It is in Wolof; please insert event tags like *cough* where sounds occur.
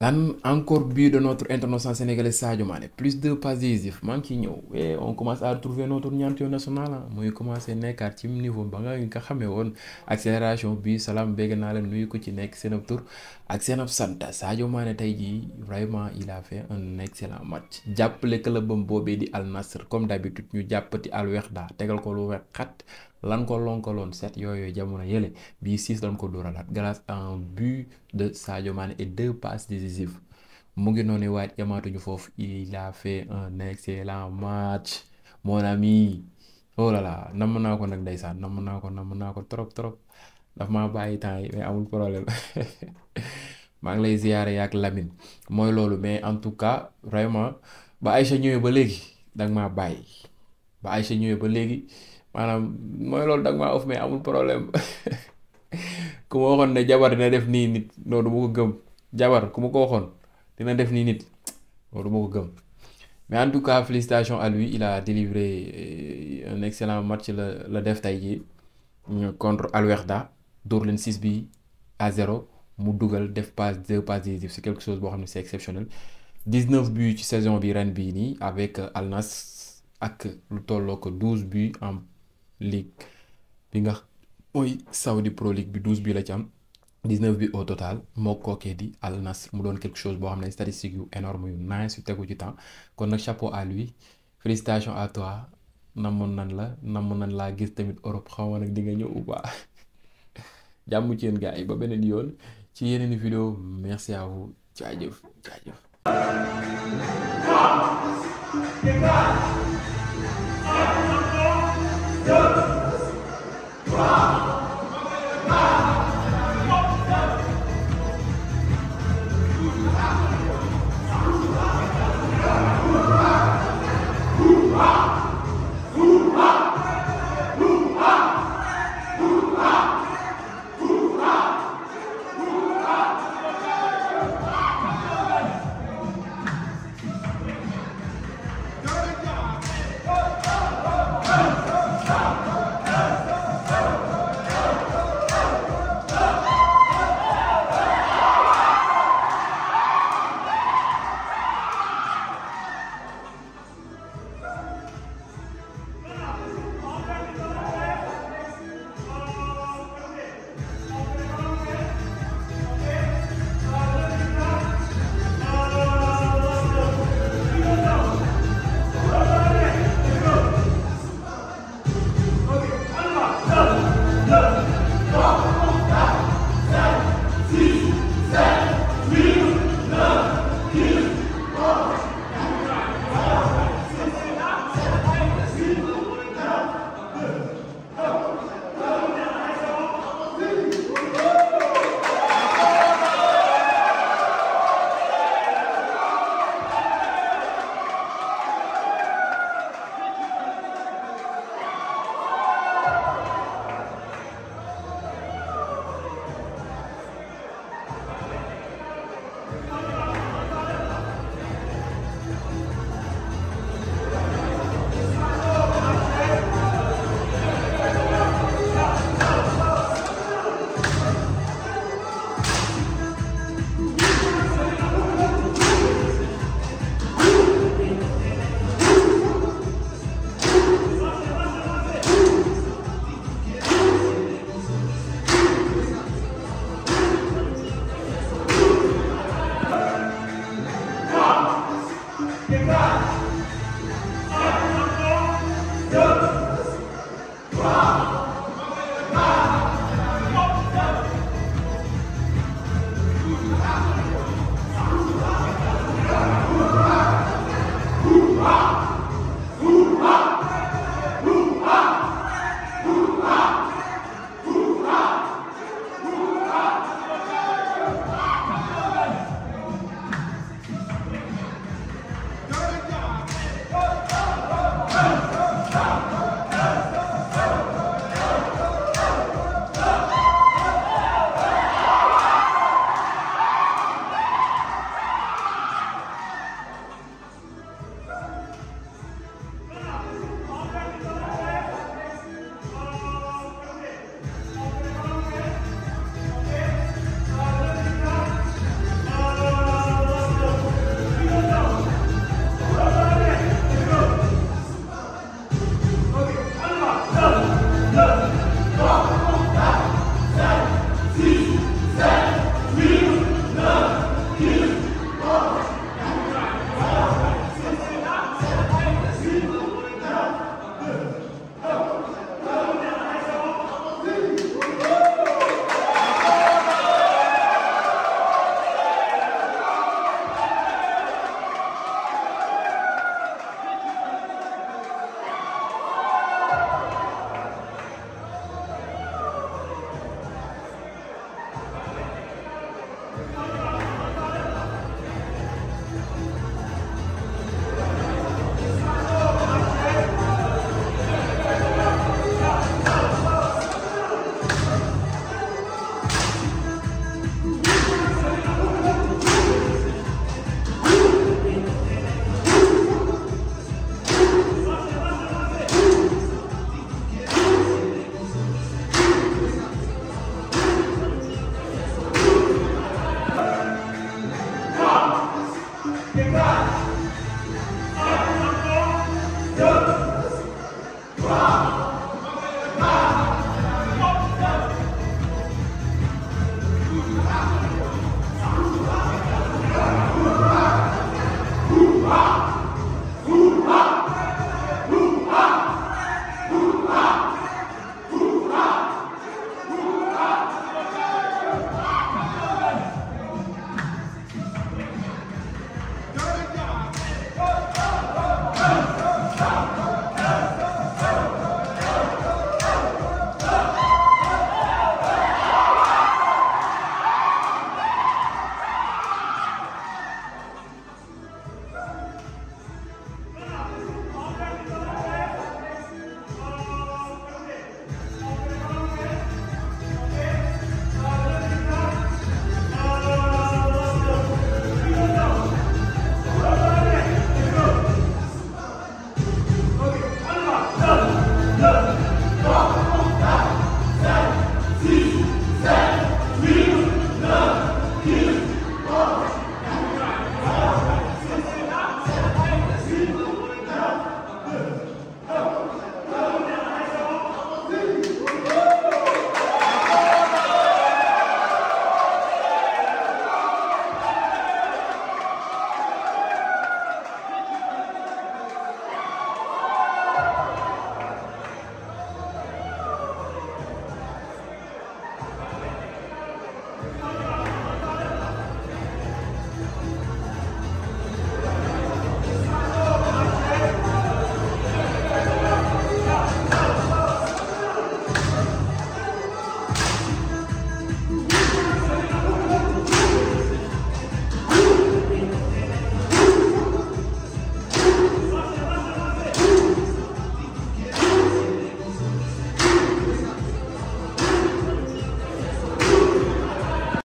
lan encore but de notre international sénégalais Sadio Mané plus de passes décisives maa ngi ciy ñëw et on commence à retrouver notre ñaantu national ah muy commencé nekkaat ci niveau ba nga xamee woon accélération bi salaam bégg naa leen nuyu ko ci nekk seen tur ak seen ab sant Sadio Mané tey jii vraiment il a fait un excellent match jàppale clubam boobee di Al Nassr comme d'habitude ñu jàppati Al daal tegal ko lu wex xat lan ko lonkaloon set yooyu jamono yële bii siis lan ko dóoralaat grâce à but de Sadio Mané et deux passes décisives mu ngi noonu waaye yamaatuñu foofu il a fait un excellent match mon ami oh là là namm naa ko nag ndeysaan namm naa ko namm naa ko trop trop daf maa bàyyi temps yi mais *laughs* maa ngi lay ziyaare ak lamin mooy loolu mais en tout cas vraiment ba Aïcha ñëwee ba léegi danga maa bàyyi ba Aïcha ñëwee ba léegi maanaam mooy loolu danga maa of mais amul problème *laughs* ku ma waxoon ne jabar dina def nii nit non du ma ko gëm jabar ku ma ko waxoon dina def nii nit non ma gëm mais en tout cas félicitations à lui il a délivré euh, un excellent match la la def tey euh, contre Al Werda dóor leen 6 bi à 0. mu dugal def passe deux passes décisives c'est quelque chose boo xam ne c'est exceptionnel 19 buts ci saison bi ren bii nii avec Al ak lu tolloo ko 12 buts en ligue bi nga mooy Saudi Pro League bi 12 buts la ci am 19 buts au total moo kookee di Al mu doon quelque chose boo xam ne statistiques yu énorme yu nice yu tegu ci temps kon nag chapeau à lui félicitations à toi nan la namoon nan laa gis tamit Europe xaw ma nag di nga ñëw ou pas *laughs* jàmm ci yéen gars yi ba beneen yoon. ci yeneen vidéo merci à vous jaajëf jaajëf